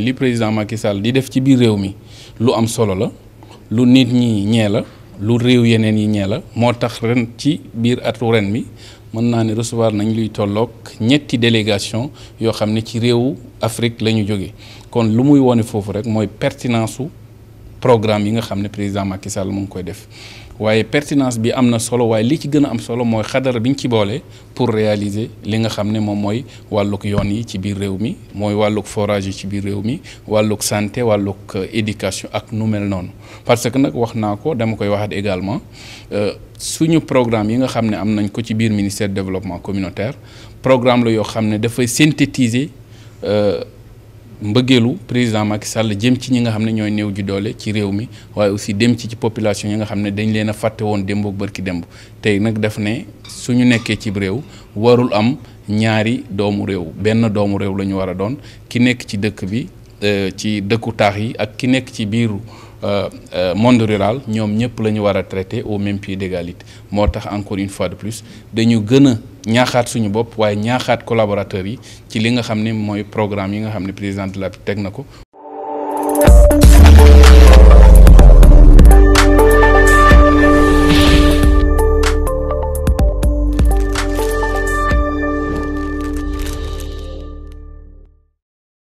li président Macky Sall di def ci biir réew mi lu am solo la lu nit ñi ñee la lu réew yenen yi ñee la tax ren ci biir atu ren mi mën naa ne recevoir nañ luy tollok ñetti délégation yo xam ci réewu Afrique lañu ñu kon lu muy wone fofu rek moy pertinence programme yi nga xam président Macky Sall mu ngi koy def waaye pertinence bi am na solo waaye li ci gën a am solo mooy xadara bi ñu ci boole pour réaliser li nga xam ne moom mooy wàllug yoon yi ci biir réew mi mooy wàllug forage yi ci biir réew mi wàllug santé wàllug euh, éducation ak nu mel noonu parce que nag wax naa ko dama koy waxaat également euh, suñu programme yi nga xam ne am nañ ko ci biir ministère développement communautaire programme la yoo xam ne dafay synthétiser. Euh, mbëggeelu président Macky Sall jëm ci ñi nga xam ne ñooy néew ji doole ci réew mi waaye aussi dem ci ci population yi nga xam ne dañ leen a fàtte woon démb ak bërki démb tey nag daf ne su ñu nekkee ci réew warul am ñaari doomu réew benn doomu réew la ñu war a doon ki nekk ci dëkk bi euh, ci dëkku taax yi ak ki nekk ci biiru euh, euh, monde rural ñoom ñëpp la ñu war a traité au même pied d'égalité moo tax encore une fois de plus dañu gën a ñaaxaat suñu bopp waaye ñaaxaat collaborateurs yi ci li nga xam ne mooy programme yi nga xam ne président de la teg na ko